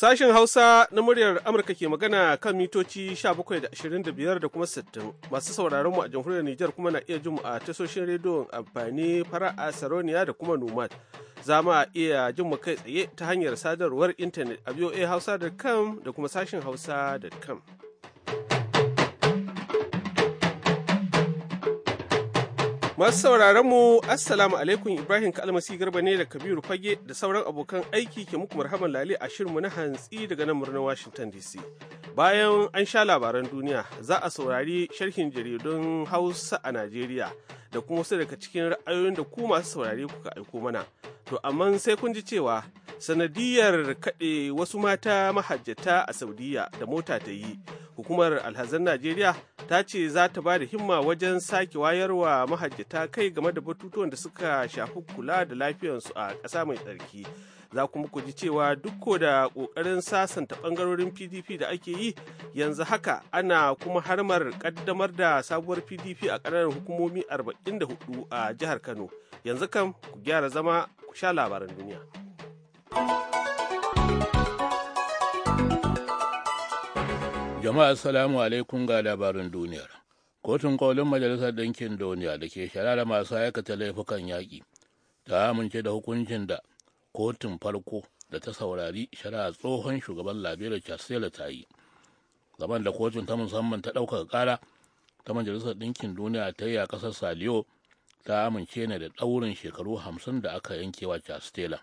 Sashen Hausa na muryar Amurka ke magana kan mitoci 17.25 da kuma 60 masu sauraron mu a jamhuriyar Nijar kuma na iya jin mu a tasoshin rediyon amfani fara'a Saroniya da kuma Nomad. Za ma iya jin mu kai tsaye ta hanyar sadarwar intanet a Hausa da kuma sashen Hausa hausa.com. Masu sauraron mu Assalamu alaikum Ibrahim Kalmasi Garba ne da Kabiru Fage da sauran abokan aiki ke muku marhaban lale a shirinmu na hantsi daga nan murnar Washington DC. Bayan an sha labaran duniya za a saurari sharhin jaridun Hausa a Najeriya da kuma wasu daga cikin ra'ayoyin da ku masu saurari kuka aiko mana. To amma sai kun ji cewa sanadiyar kaɗe wasu mata mahajjata a Saudiya da mota ta yi hukumar alhazan najeriya ta ce za ta ba da himma wajen sake wayarwa mahajjata kai game da batutuwan da suka shafi kula da lafiyarsu a ƙasa mai tsarki za kuma ku ji cewa duk da ƙoƙarin sasanta ɓangarorin pdp da ake yi yanzu haka ana kuma harmar ƙaddamar da sabuwar pdp a ƙananan hukumomi 44 a jihar kano yanzu kam ku gyara zama ku sha labaran duniya. Jama'a salamu alaikum ga labarin duniyar. Kotun kolin Majalisar Ɗinkin Duniya da ke shara masu aikata laifukan yaƙi ta amince da hukuncin da kotun farko da ta saurari shari'a tsohon shugaban labirin Chasela ta yi. Gaban da kotun ta musamman ta ɗaukaka ƙara ta Majalisar Ɗinkin Duniya ta yi a ƙasar Saliyo ta amince ne da ɗaurin shekaru hamsin da aka yankewa Chastela.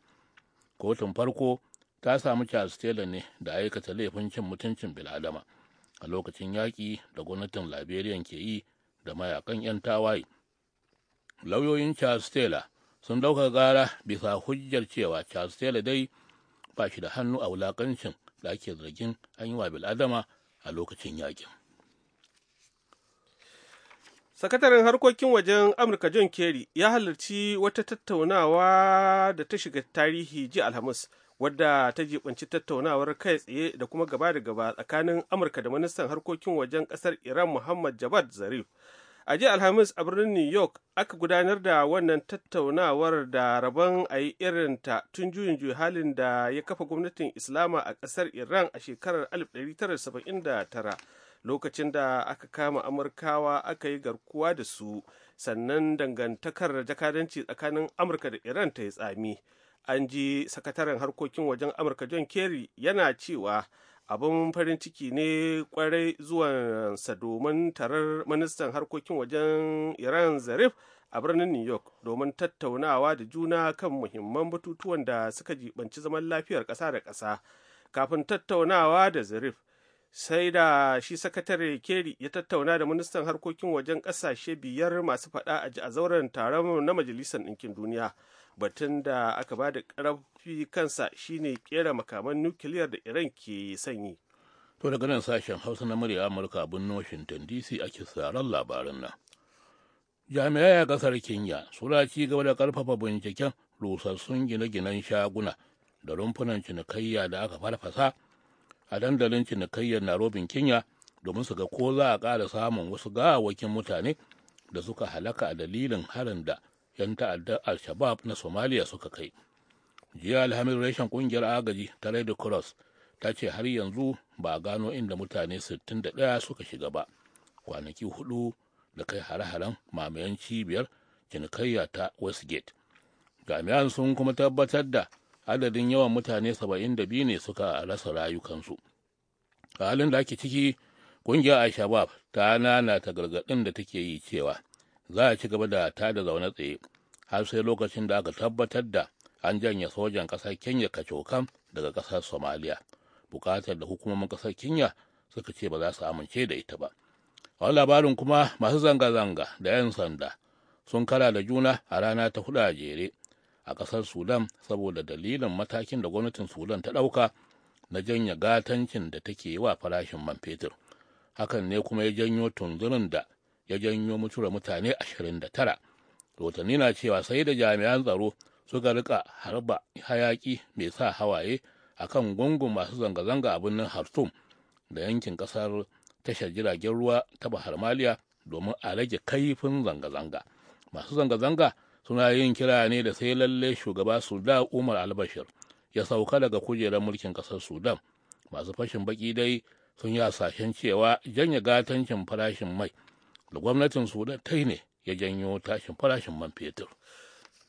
Kotun farko ta samu Chastela ne da aikata laifin cin mutuncin bil'adama. a lokacin yaƙi da gwamnatin liberian ke yi da mayakan 'yan tawaye lauyoyin charles taylor sun ɗauka gara bisa hujjar cewa charles taylor dai ba shi da hannu a wulaƙancin da ake zargin an yi wa bil'adama a lokacin yaƙin sakataren harkokin wajen amurka john kerry ya halarci wata tattaunawa da ta shiga tarihi ji alhamis wadda ta jibanci tattaunawar kai tsaye da kuma gaba da gaba tsakanin amurka da ministan harkokin wajen kasar iran muhammad jabad zarif a jiya alhamis a birnin new york aka gudanar da wannan tattaunawar da rabon a yi irin ta tun juyin juyi halin da ya kafa gwamnatin islama a kasar iran a shekarar 1979 lokacin da aka kama amurkawa aka yi garkuwa da su sannan dangantakar jakadanci tsakanin amurka da iran ta yi tsami an ji sakataren harkokin wajen amurka john kerry yana cewa abin farin ciki ne kwarai sa domin tarar ministan harkokin wajen iran zarif a birnin new york domin tattaunawa da juna kan muhimman batutuwan da suka jibanci zaman lafiyar ƙasa da ƙasa kafin tattaunawa da zarif sai da shi sakatare keri ya tattauna da ministan harkokin wajen ƙasashe biyar masu faɗa a zauren taron na majalisar ɗinkin duniya batun da aka ba da ƙarfi kansa shine kera makaman nukiliyar da iran ke sanyi to daga nan sashen hausa na murya amurka abin washington dc ake sauraron labaran nan jami'ai ya kasar kenya suna ci gaba da karfafa binciken rusassun gine-ginen shaguna da rumfunan cinikayya da aka farfasa a dandalin cinikayyar robin kenya domin su ga ko za a ƙara samun wasu gawakin mutane da suka halaka a dalilin harin da 'yan ta'addar Alshabab na somaliya suka kai jiya alhamis reshen kungiyar agaji ta red cross ta ce har yanzu ba a gano inda mutane 61 suka shiga ba kwanaki hudu da kai hare-haren mamayen cibiyar cinikayya ta westgate jami'an sun kuma tabbatar da adadin yawan mutane 72 ne suka rasa rayukansu a halin da ake ciki kungiyar Alshabab shabab ta nana ta gargaɗin da take yi cewa za a ci gaba da da zaune tsaye har sai lokacin da aka tabbatar da an janye sojan ƙasar kenya kacokan daga ƙasar somaliya buƙatar da hukumomin ƙasar kenya suka ce ba za su amince da ita ba a labarin kuma masu zanga-zanga da 'yan sanda sun kara da juna a rana ta hudu a jere a ƙasar sudan saboda dalilin matakin da gwamnatin sudan ta ɗauka na janya gatancin da take yi wa farashin man fetur hakan ne kuma ya janyo tunzurin da ya janyo mutuwar mutane 29 rahotanni na cewa sai da jami'an tsaro suka rika harba hayaki mai sa hawaye akan gungun masu zanga-zanga a birnin hartum da yankin kasar tashar jiragen ruwa ta bahar maliya domin a rage kaifin zanga-zanga masu zanga-zanga suna yin kira ne da sai lalle shugaba sudan umar albashir ya sauka daga kujerar mulkin kasar sudan masu fashin baki dai sun yi hasashen cewa janye gatancin farashin mai da gwamnatin sudan ta ne ya janyo tashin farashin man fetur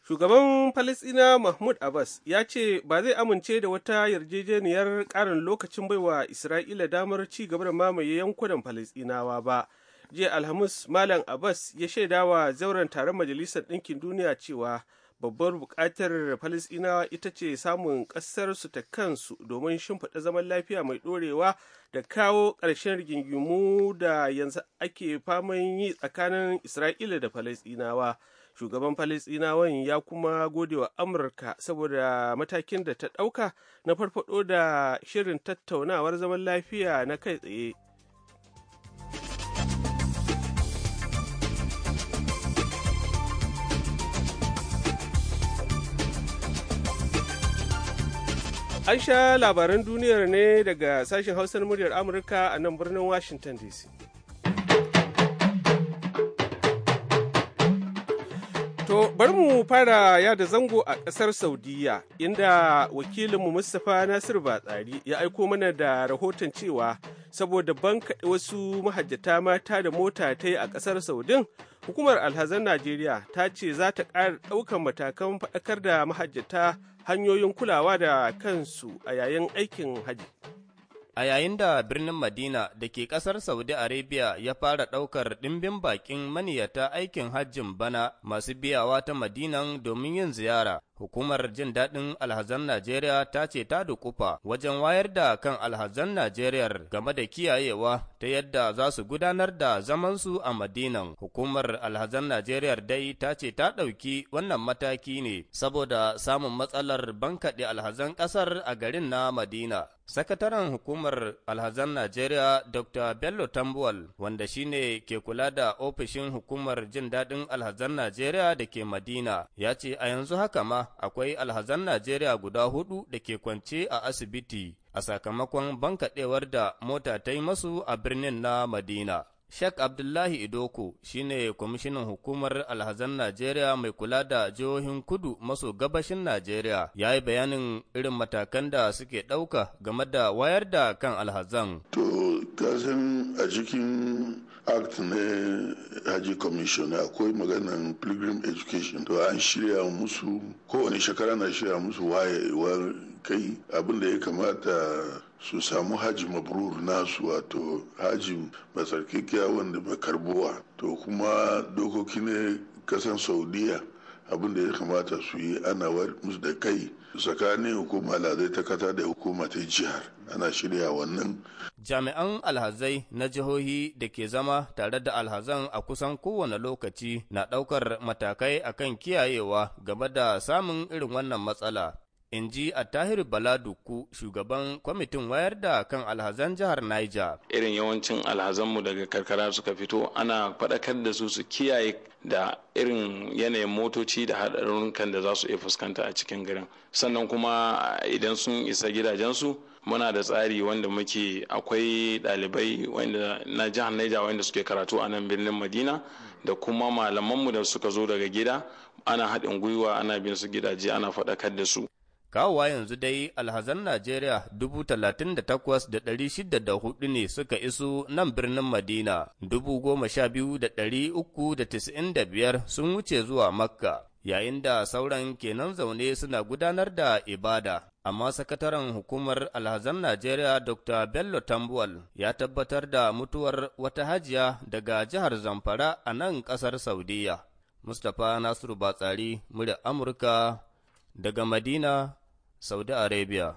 shugaban falisina mahmud abbas ya ce ba zai amince da wata yarjejeniyar ƙarin lokacin baiwa isra'ila damar ci gaba da mamaye yankunan falisinawa ba jiya alhamis malam abbas ya shaidawa zauren taron majalisar ɗinkin duniya cewa babbar buƙatar falasɗinawa ita ce samun ƙasarsu ta kansu domin shimfiɗa zaman lafiya mai ɗorewa da kawo ƙarshen rigingimu da yanzu ake faman yi tsakanin isra'ila da falasɗinawa shugaban falasɗinawan ya kuma gode wa amurka saboda matakin da ta ɗauka na farfaɗo da shirin tattaunawar zaman lafiya na kai tsaye An sha labaran duniyar ne daga sashen hausar muryar Amurka a nan birnin Washington DC. To bari mu fara yada zango a ƙasar Saudiya inda wakilinmu Mustapha Nasir Batsari ya aiko mana da rahoton cewa saboda ban wasu mahajjata mata da mota ta yi a ƙasar Saudin Hukumar alhazan Najeriya ta ce za ta ƙara ɗaukar matakan faɗakar da mahajjata hanyoyin kulawa da kansu a yayin aikin hajji. A yayin da birnin Madina da ke ƙasar Saudi Arabia ya fara ɗaukar ɗimbin baƙin maniyata aikin hajjin bana masu biyawa ta Madinan domin yin ziyara, Hukumar jin daɗin alhazan Najeriya ta ce ta dukufa wajen wayar da kan alhazan Najeriya game da kiyayewa ta yadda za su gudanar da zamansu a Madinan. Hukumar alhazan Najeriya dai ta ce ta ɗauki wannan mataki ne saboda samun matsalar bankaɗe alhazan ƙasar a garin na Madina. Sakataren hukumar alhazan Najeriya Dr. Bello Tambuwal, wanda shine ke kula da ofishin hukumar jin daɗin alhazan Najeriya da ke Madina, ya ce a yanzu haka ma akwai alhazan Najeriya guda hudu da ke kwance a asibiti a sakamakon bankaɗewar da mota ta yi masu a birnin na Madina. Sheikh Abdullahi Idoko shine kwamishinan hukumar alhazan Najeriya mai kula da jihohin kudu maso gabashin Najeriya ya yi bayanin irin matakan da suke ɗauka game da wayar da kan alhazan. To, kasan a cikin act na haji commission akwai maganan pilgrim education to an shirya musu kowane shekara na shirya musu wayewar kai abin da ya kamata su samu haji mabrur nasu wato haji matsarkakiya wanda ba karbowa to kuma dokoki ne kasan saudiya abin da ya kamata su yi ana musu da kai tsakanin hukumar alhazai ta kasa da hukuma ta jihar ana shirya wannan. Jami'an alhazai na jihohi da ke zama tare da alhazan a kusan kowane lokaci na ɗaukar matakai akan kiyayewa game da samun irin wannan matsala. in ji a bala Baladuku shugaban kwamitin wayar da kan alhazan jihar Niger. Irin yawancin alhazanmu daga karkara suka fito ana faɗakar da su su kiyaye da irin yanayin motoci da haɗarurrukan da za su iya fuskanta a cikin garin. Sannan kuma idan sun isa gidajensu muna da tsari wanda muke akwai ɗalibai na jihar Niger wanda suke karatu a nan birnin Madina da kuma malamanmu da suka zo daga gida ana haɗin gwiwa ana bin su gidaje ana faɗakar da su. Kawowa yanzu dai alhazan Najeriya dubu talatin da takwas da ɗari shida da hudu ne suka iso nan birnin Madina, dubu goma sha biyu da ɗari uku da tisa'in da biyar sun wuce zuwa Makka, yayin da sauran kenan zaune suna gudanar da ibada. amma sakataren hukumar alhazan Najeriya Dr. Bello Tambuwal ya tabbatar da mutuwar wata hajiya daga jihar Zamfara a nan ƙasar Saudiya. Mustapha Nasiru Batsari, murya Amurka daga Madina, Saudi Arabia.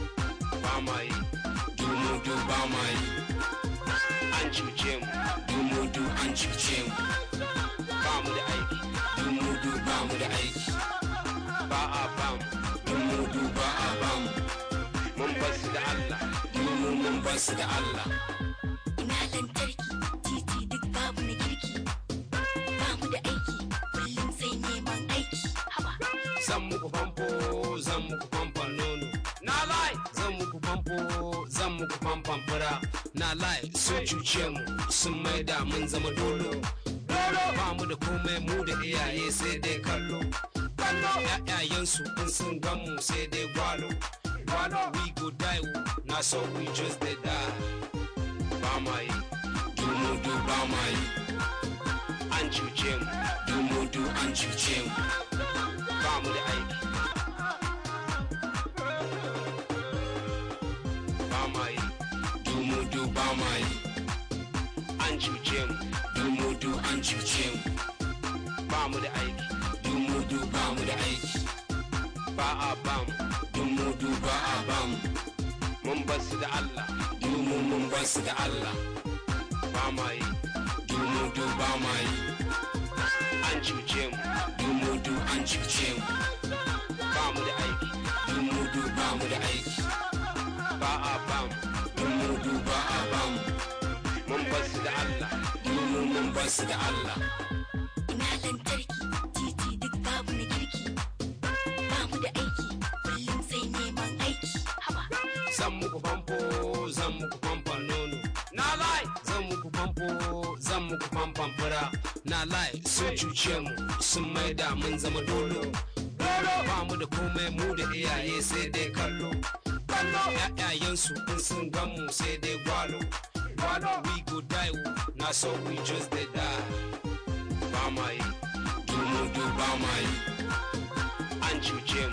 ba dumu du ba ma yi an cuce mu dumu du an cuce mu ba mu da aiki dumu du ba mu da aiki ba a ba mu dumu du ba a ba mu mun basu da Allah dumu mun basu da Allah famfan fura na lai sun cuce mu sun maida mun zama dolo dolo ba mu da komai mu da iyaye sai dai kallo kallo ƴaƴayensu in sun gan sai dai gwalo gwalo we go die na so we just dey die ba ma yi dumudu ba ma yi an cuce mu dumudu an cuce mu mu da aiki duk ba mu da aiki ba a ba mu duk ba a ba mu mun basu da Allah dumu mun basu da Allah ba ma yi duk ba ma yi an cuce mu duk an cuce mu ba mu da aiki duk ba mu da aiki ba a ba mu duk ba a ba mu mun basu da Allah dumu mun basu da Allah ko zan muku famfan fura na lai sun cuce mu sun maida mun zama dolo dolo ba mu da komai mu da iyaye sai dai kallo kallo su kun sun gan mu sai dai gwalo gwalo we go die na so we just dey die ba ma yi mu du ba ma yi an cuce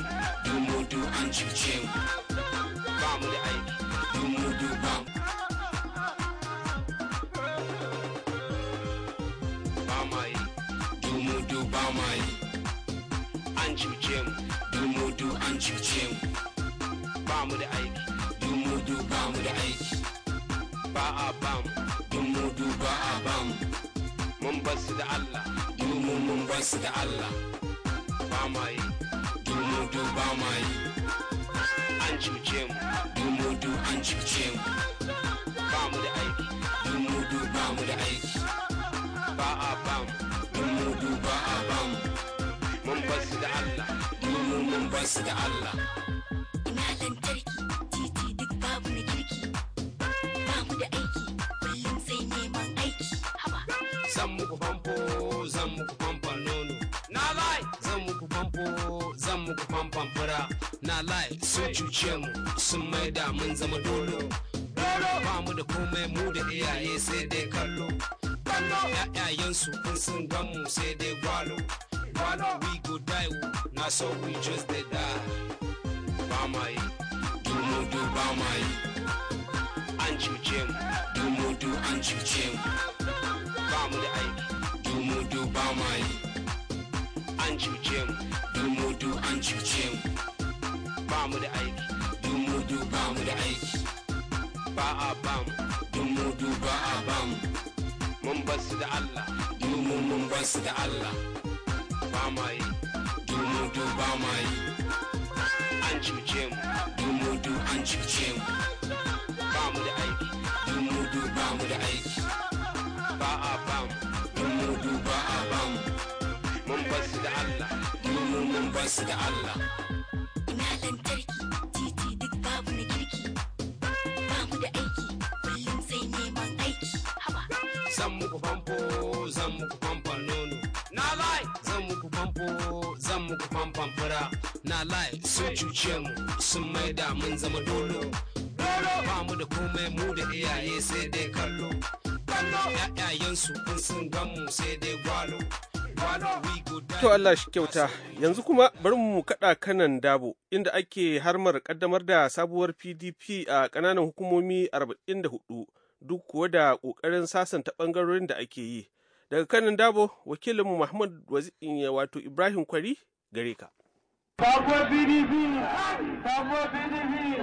mu mu du an cuce mu ba mu da aiki su da Allah dumu mun ba su da Allah ba ma yi dumu du ba ma yi an cuce mu dumu du an cuce mu ba mu da aiki dumu du ba mu da aiki ba a ba mu dumu du ba a ba mu mun ba su da Allah dumu mun ba su da Allah muku famfan nono na lai zan muku famfo zan muku famfan fura na lai sun cuce mu sun maida mun zama dolo dolo ba mu da komai mu da iyaye sai dai kallo kallo ƴaƴayensu kun sun gan mu sai dai gwalo gwalo we go die na so we just dey die ba ma yi dumu du ba ma yi an cuce mu dumu an cuce mu ba mu da aiki an cuce mu dumudu an cuce mu ba mu da aiki dumudu ba mu da aiki ba a ba mu dumudu ba a ba mu mun basu da Allah dumu mun basu da Allah ba ma yi dumudu ba ma yi an cuce mu dumudu an cuce mu ba mu da aiki su da Allah. Ina lantarki titi duk babu na kirki, babu da aiki kullum sai neman aiki. Haba. Zan muku famfo, zan muku famfon nono. Na lai. Zan muku famfo, zan muku famfon fura. Na lai sun cuce mu sun maida mun zama dolo. Dolo. Ba mu da komai mu da iyaye sai dai kallo. Kallo. Ya'yayensu kun sun gan mu sai dai gwalo. To Allah shi kyauta, yanzu kuma bari mu kaɗa kanan dabo inda ake harmar ƙaddamar da sabuwar PDP a ƙananan hukumomi 44 duk kuwa da ƙoƙarin sasanta ɓangarorin da ake yi. Daga kanan dabo, wakilinmu Muhammad eh, wato Ibrahim Kwari gare ka. Sabuwar PDP! Sabuwar PDP!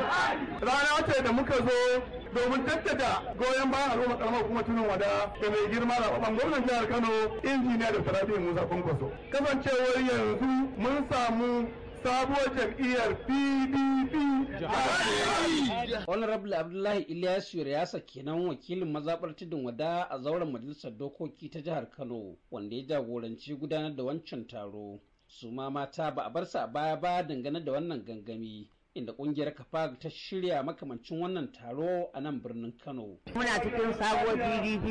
Rana wata da muka zo domin tattata goyon bayan al'umma karamar kuma tunan wada da mai girma da babban gwamnan jihar Kano injiniya da Sarabi Musa Kwankwaso kasancewar yanzu mun samu sabuwar jam'iyyar PDP Honorable Abdullahi Ilyas Yuriyasa kenan wakilin mazaɓar tudun wada a zauren majalisar dokoki ta jihar Kano wanda ya jagoranci gudanar da wancan taro. su ma mata ba a bar su a baya ba dangane da wannan gangami inda kungiyar kafag ta shirya makamancin wannan taro a nan birnin kano muna cikin sabuwar pdp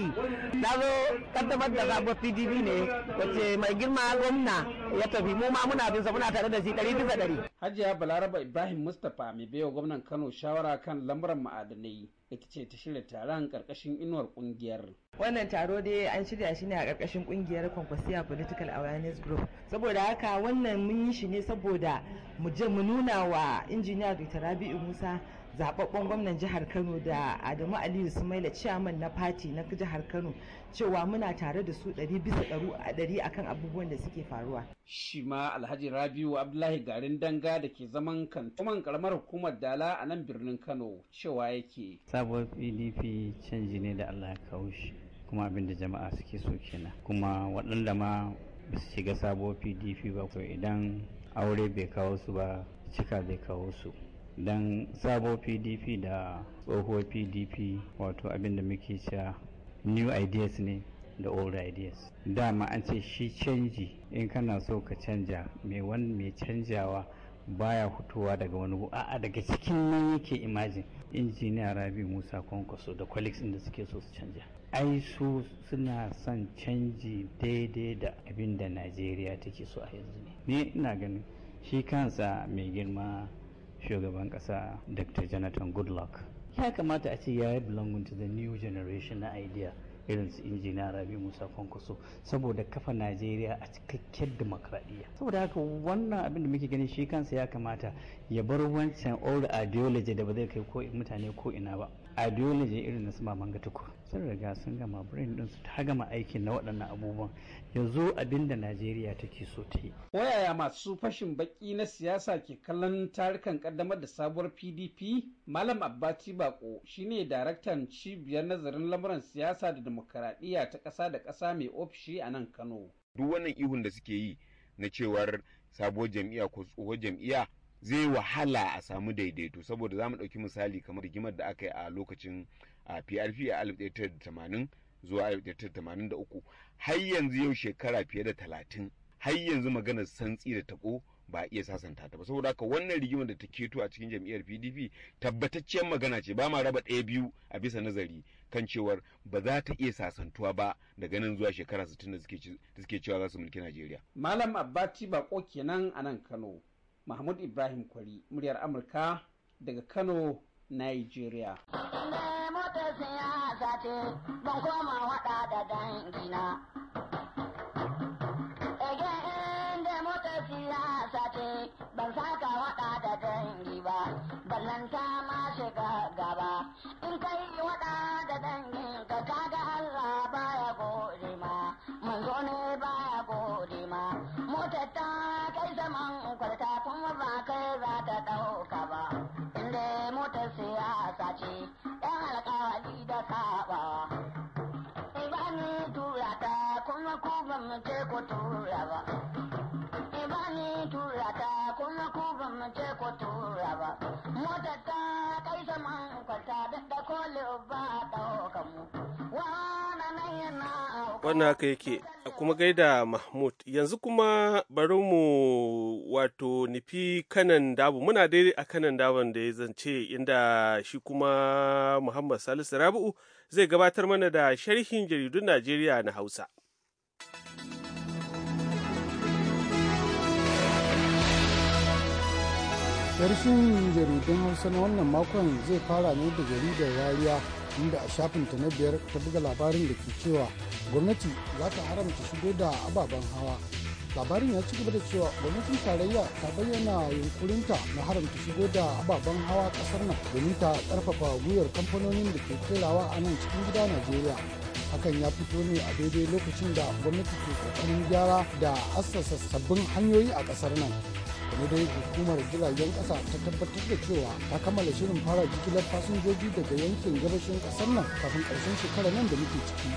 sabo kaddamar da sabuwar pdp ne wace mai girma gwamna ya tafi mu ma muna bisa muna tare da shi dari. bisa ɗari hajiya balaraba ibrahim mustapha mai baiwa gwamnan kano shawara kan lamuran ma'adanai ita ce ta shirya taron karkashin inuwar kungiyar. Wannan taro dai an shirya shi ne a karkashin kungiyar a Political Awareness Group. Saboda haka wannan mun yi shi ne saboda mu je mu nuna wa injiniya Dr. Rabi'u Musa zababben gwamnan jihar kano da adamu aliyu sumaila ciyaman na fati na jihar kano cewa muna tare da su ɗari bisa a ɗari akan abubuwan da suke faruwa shi ma alhaji rabiu abdullahi garin danga da ke zaman kantuman karamar hukumar dala a nan birnin kano cewa yake sabuwar pdp canji ne da allah ya kawo shi kuma abin da jama'a suke so kenan kuma waɗanda ma ba su shiga sabuwar pdp ba ko idan aure bai kawo su ba cika bai kawo su Dan sabo pdp da tsohuwar pdp wato abinda muke cewa new ideas ne da old ideas dama an ce shi canji in kana so ka canja mai canjawa baya hutuwa daga wani a'a daga cikin nan yake imajin injiniya rabi musa kwankwaso da colleagues da suke so su canja ai su suna son canji daidai da abinda da najeriya take so a yanzu ne ni ina ganin shi kansa mai girma shugaban kasa dr jonathan goodluck ya kamata a ce ya yi belonging to the new generation na idea irin su injiniya rabi musa kwankwaso saboda kafa najeriya a cikakken demokradiyya saboda haka wannan abin da muke gani shi kansa ya kamata ya bar wancan old ideology da ba zai kai ko mutane ko ina ba a ideology irin na su maman tukur sun riga sun gama brain din su ta gama aikin na waɗannan abubuwan yanzu abinda da najeriya take so ta yi wayaya masu fashin baki na siyasa ke kallon tarukan kaddamar da sabuwar pdp malam abbati bako shine daraktan cibiyar nazarin lamuran siyasa da demokaradiyya ta ƙasa da ƙasa mai ofishi a nan kano duk wannan ihun da suke yi na cewar sabuwar jam'iyya ko tsohuwar jam'iyya zai wahala a samu daidaito saboda za mu ɗauki misali kamar rigimar da aka yi a lokacin a PRP a 1980 zuwa 1983 har yanzu yau shekara fiye da 30 har yanzu maganar santsi da tako ba iya sasanta ta ba saboda haka wannan rigimar da ta keto a cikin jam'iyyar PDP tabbataccen magana ce ba ma raba ɗaya biyu a bisa nazari kan cewar ba za ta iya sasantuwa ba daga nan zuwa shekara 60 da suke cewa za su mulki Najeriya. Malam abbaci Bako kenan a nan Kano. mahmud ibrahim kwari muryar amurka daga kano nigeria ne motar siyasa ce ban koma wada da dangina ce ku tura ba. Mota ta kai kwata da Wannan haka yake kuma gaida Mahmud yanzu kuma bari mu wato nufi kanan dabu muna dai a kanan dabon da ya zance inda shi kuma Muhammad Salisu Rabi'u zai gabatar mana da sharhin jaridun Najeriya na Hausa. Karshen jaridun Hausa na wannan makon zai fara ne da jaridar rariya inda a shafinta na biyar ta buga labarin da ke cewa gwamnati za ta haramta shigo da ababen hawa. Labarin ya ci gaba da cewa gwamnatin tarayya ta bayyana yunkurinta na haramta shigo da ababen hawa kasar nan domin ta karfafa gwiwar kamfanonin da ke kerawa a nan cikin gida Najeriya. hakan ya fito ne a daidai lokacin da gwamnati ke kokarin gyara da assasa sabbin hanyoyi a kasar nan kuma dai hukumar jiragen kasa ta tabbatar da cewa ta kammala shirin fara jigilar fasinjoji daga yankin gabashin kasar nan kafin karshen shekara nan da muke ciki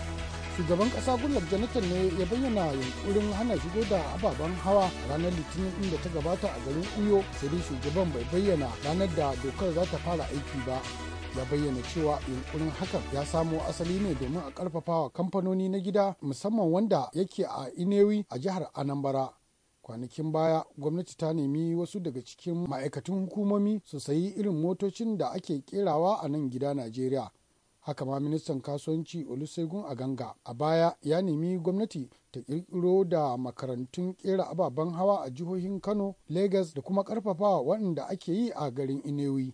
shugaban kasa gullar jonathan ne ya bayyana yunkurin hana shigo da ababen hawa ranar litinin inda ta gabata a garin uyo sai dai shugaban bai bayyana ranar da dokar za ta fara aiki ba ya bayyana cewa yunkurin hakan ya samo asali ne domin a wa kamfanoni na gida musamman wanda yake a inewi a jihar anambara. kwanakin baya gwamnati ta nemi wasu daga cikin ma'aikatan hukumomi su sayi irin motocin da ake kerawa a nan gida najeriya haka ma ministan kasuwanci olusegun aganga a baya ya nemi gwamnati ta kirkiro da makarantun kera ababen hawa a jihohin kano lagos da kuma karfafa waɗanda ake yi a garin inewi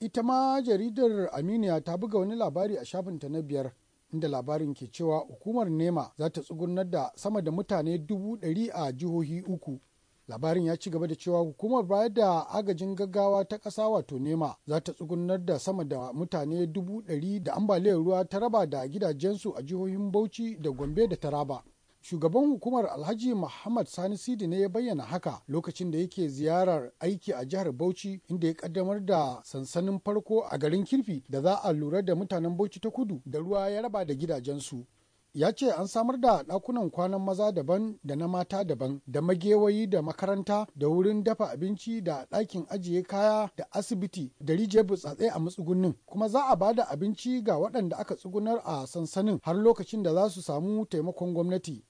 ita ma jaridar aminiya ta buga wani labari a shafinta na biyar inda labarin ke cewa hukumar nema za ta tsugunar da sama da mutane dubu ɗari a jihohi uku labarin ya ci gaba da cewa hukumar bayar da agajin gaggawa ta ƙasa wato nema za ta tsugunar da sama da mutane dubu ɗari da ambaliyar ruwa ta raba da gidajensu a jihohin bauchi da gombe da taraba Shugaban hukumar Alhaji Muhammad Sani Sidi ne ya bayyana haka lokacin da yake ziyarar aiki a jihar Bauchi inda ya kaddamar da sansanin farko a garin Kirfi da za a lura da mutanen Bauchi ta kudu da ruwa ya raba da gidajensu. ya ce an samar da ɗakunan kwanan maza daban da na mata daban da magewayi da makaranta da wurin dafa abinci da dakin ajiye kaya da asibiti da rijiyar butsatse a matsugunin kuma za a bada abinci ga waɗanda aka tsugunar a sansanin har lokacin da za su samu taimakon gwamnati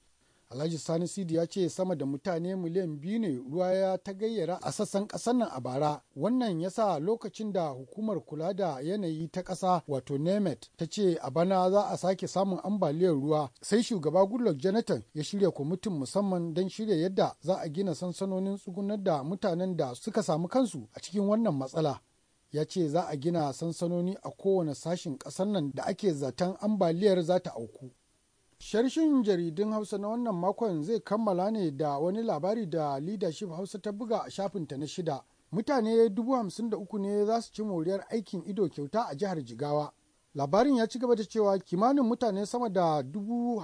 Alhaji Sani Sidi ya ce sama da mutane miliyan biyu ne ruwa ya ta gayyara a sassan ƙasar nan a bara. Wannan ya sa lokacin da hukumar kula da yanayi ta ƙasa wato NEMET ta ce a bana za a sake samun ambaliyar ruwa sai shugaba Goodluck Jonathan ya shirya kwamitin musamman don shirya yadda za a gina sansanonin tsugunar da mutanen da suka samu kansu a cikin wannan matsala. ya ce za a gina sansanoni a kowane sashen ƙasar nan da ake zaton ambaliyar za ta auku Sharshin jaridun Hausa na wannan makon zai kammala ne da wani labari da Leadership Hausa ta buga a shafinta na shida. Mutane dubu da uku ne za su ci moriyar aikin ido kyauta a jihar Jigawa. Labarin ya ci gaba da cewa kimanin mutane sama da dubu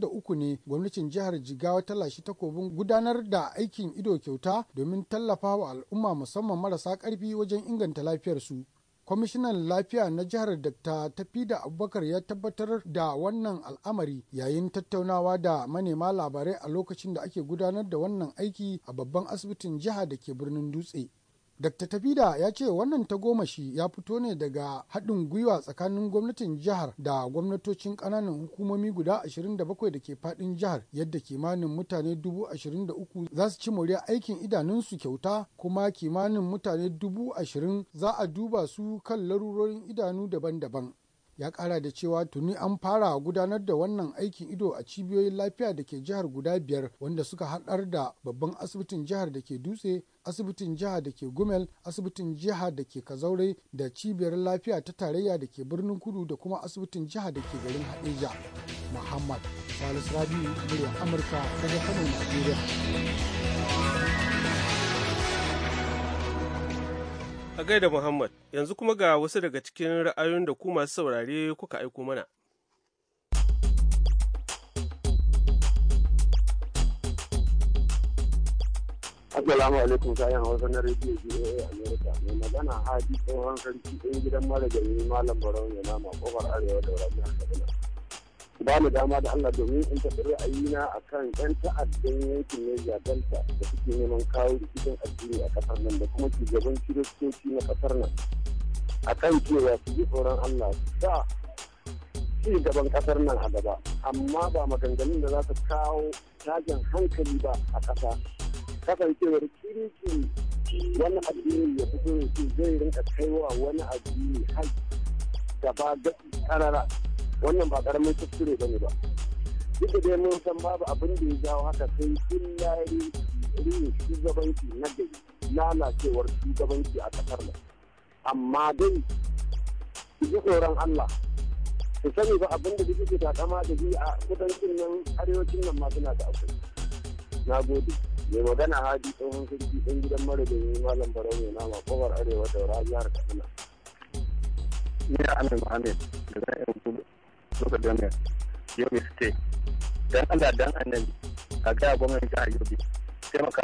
da uku ne gwamnatin jihar Jigawa ta lashe takobin gudanar da aikin ido kyauta domin tallafa wa al'umma musamman marasa karfi wajen inganta lafiyarsu. kwamishinan lafiya na jihar dakta tafida abubakar ya tabbatar da wannan al'amari yayin tattaunawa da manema labarai a lokacin da ake gudanar da wannan aiki a babban asibitin jiha da ke birnin dutse Dr. Tafida ya ce wannan tagomashi ya fito ne daga haɗin gwiwa tsakanin gwamnatin jihar da gwamnatocin ƙananan hukumomi guda 27 da ke faɗin jihar yadda kimanin mutane 23,000 za su ci moriya aikin idanunsu kyauta kuma kimanin mutane 20,000 za a duba su kan larurorin idanu daban-daban. ya kara da cewa tuni an fara gudanar da wannan aikin ido a cibiyoyin lafiya da ke jihar guda biyar wanda suka haɗar da babban asibitin jihar da ke dutse asibitin jihar da ke gumel asibitin jihar da ke kazaure da cibiyar lafiya ta tarayya da ke birnin kudu da kuma asibitin jihar da ke garin hadeja muhammad salisu rabiu amurka daga kano najeriya A gaida Muhammad, yanzu kuma ga wasu daga cikin ra'ayoyin da ku masu saurare kuka aiko mana. Assalamu alaikum kayan hausa na rediyo BA America mai magana Hadi tsohon sarki ɗan gidan malagari Malam Barau ne nama kofar Arewa da Rabin Kaduna. ba mu dama da Allah domin in tafi ra'ayina a kan 'yan ta'addan yankin Niger Delta da suke neman kawo rikicin addini a kasar nan da kuma shugaban kiristoci na kasar nan a kan cewa su ji tsoron Allah sa ci gaban kasar nan a gaba amma ba maganganun da za su kawo tajin hankali ba a kasa kasancewar kiriki wani addini ya fito da zai rinka kaiwa wani addini har gaba da ƙarara wannan ba karamin kuskure ba ne ba duk da dai mun san babu abin da ya jawo haka sai illa rin shugabanci na gari lalacewar shugabanci a kasar nan amma dai su ji tsoron Allah su sani ba abin da suke takama da bi a kudancin nan arewacin nan ma suna da akwai na gode mai magana hadi tsohon sarki ɗan gidan mara da yi malam barau mai nama kofar arewa da jihar katsina. Ina Amin Muhammad da a yi local government yobe state dan allah dan annabi a gaya gwamnan jihar yobe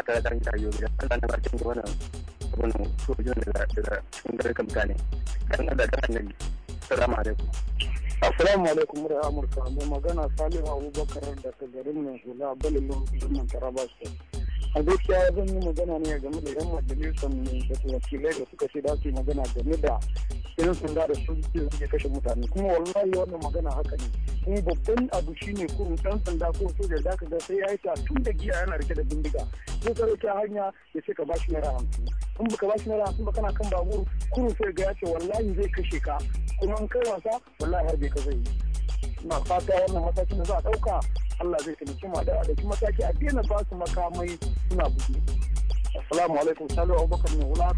tare da jihar yobe dan allah na bakin sojojin daga cikin mutane dan allah dan annabi assalamu alaikum assalamu alaikum amurka mai magana salihu abubakar daga garin mai hula taraba state a gaskiya zan yi magana ne game da yan majalisar da wakilai da suka ce da magana game da yan sanda da su suke kashe mutane kuma wallahi wannan magana haka ne kuma babban abu shine kurun dan sanda ko soja da ka ga sai ya yi ta tun da giya yana rike da bindiga ko ka rike hanya ya ce ka bashi naira hamsin in baka bashi naira hamsin ba kana kan babur kurun sai ga ya ce wallahi zai kashe ka kuma in kai wasa wallahi har bai ka zai yi na fata wannan matakin da za a dauka Allah zai taimaki mu da kuma mataki a daina ba su makamai suna buɗe. Assalamu alaikum Salihu Abubakar ne wula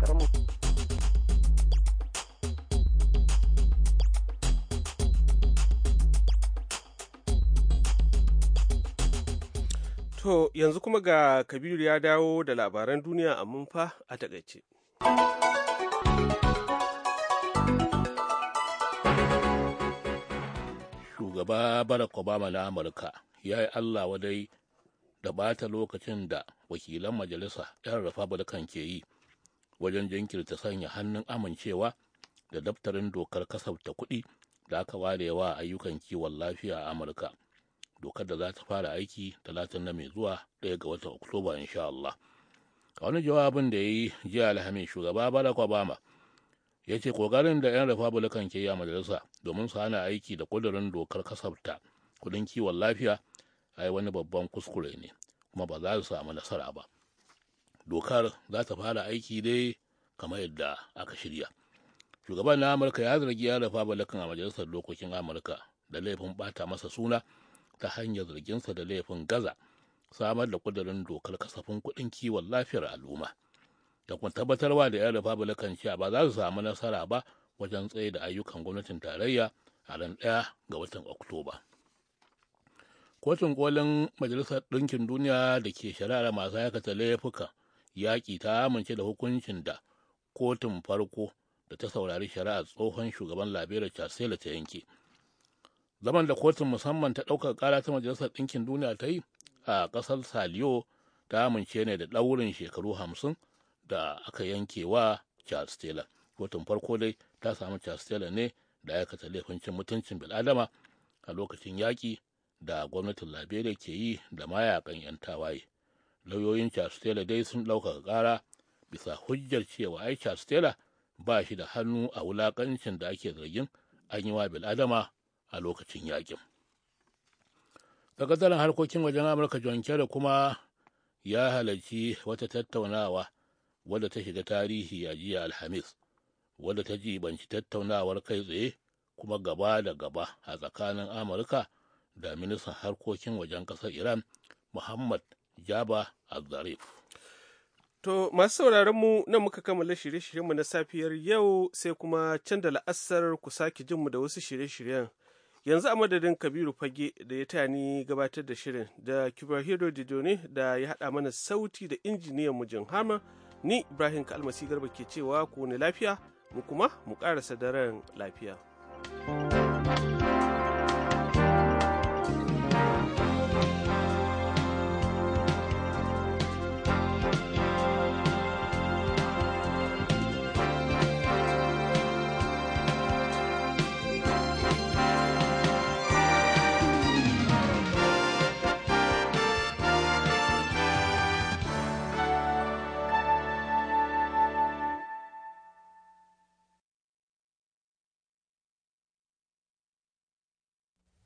To yanzu kuma ga Kabiru ya dawo da labaran duniya a munfa a takaice. Shugaba Barak Obama na Amurka ya yi Allah wadai da ɓata lokacin da wakilan majalisa 'yan Republican ke yi wajen jinkirta sanya hannun amincewa da daftarin dokar kasafta kuɗi da aka warewa ayyukan kiwon lafiya a Amurka. dokar da za ta fara aiki talatin na mai zuwa ɗaya ga watan oktoba insha Allah a wani jawabin da ya yi jiya alhamis shugaba barack obama ya ce ƙoƙarin da 'yan republican ke yi a majalisa domin su hana aiki da kudurin dokar kasafta kuɗin kiwon lafiya ai wani babban kuskure ne kuma ba za su samu nasara ba dokar za ta fara aiki dai kamar yadda aka shirya shugaban na amurka ya zargi 'yan republican a majalisar dokokin amurka da laifin bata masa suna ta hanyar zarginsa da laifin gaza samar da kudirin dokar kasafin kuɗin kiwon lafiyar al'umma da kuma tabbatarwa da 'yan republican cewa ba za su samu nasara ba wajen tsaye da ayyukan gwamnatin tarayya a ran ɗaya ga watan oktoba kotun kolin majalisar ɗinkin duniya da ke shari'ar masu aikata laifuka yaƙi ta amince da hukuncin da kotun farko da ta saurari shari'ar tsohon shugaban liberia chasela ta yanke zaman da kotun musamman ta ɗaukar ƙara ta majalisar ɗinkin duniya ta yi a ƙasar saliyo ta amince ne da ɗaurin shekaru hamsin da aka yanke wa charles taylor kotun farko dai ta samu charles taylor ne da aikata laifin cin mutuncin bil'adama a lokacin yaƙi da gwamnatin liberia ke yi da mayakan 'yan tawaye lauyoyin charles taylor dai sun ɗaukaka ƙara bisa hujjar cewa ai charles taylor ba shi da hannu a wulaƙancin da ake zargin an yi wa bil'adama a lokacin yakin sakataren harkokin wajen amurka john kerry kuma ya halarci wata tattaunawa wadda ta shiga tarihi a jiya alhamis wadda ta jibanci tattaunawar kai tsaye kuma gaba da gaba a tsakanin amurka da ministan harkokin wajen ƙasar iran muhammad jaba azarif To masu sauraron mu nan muka kammala shirye-shiryenmu na safiyar yau sai kuma can da la'asar ku sake jinmu da wasu shirye-shiryen. yanzu a madadin kabiru fage da ya taya ni gabatar da shirin da kibahiro didone da ya haɗa mana sauti da injiniyan mu hama ni ibrahim kalmasi garba ke cewa ku ne lafiya mu kuma mu ƙarasa daren lafiya. thank you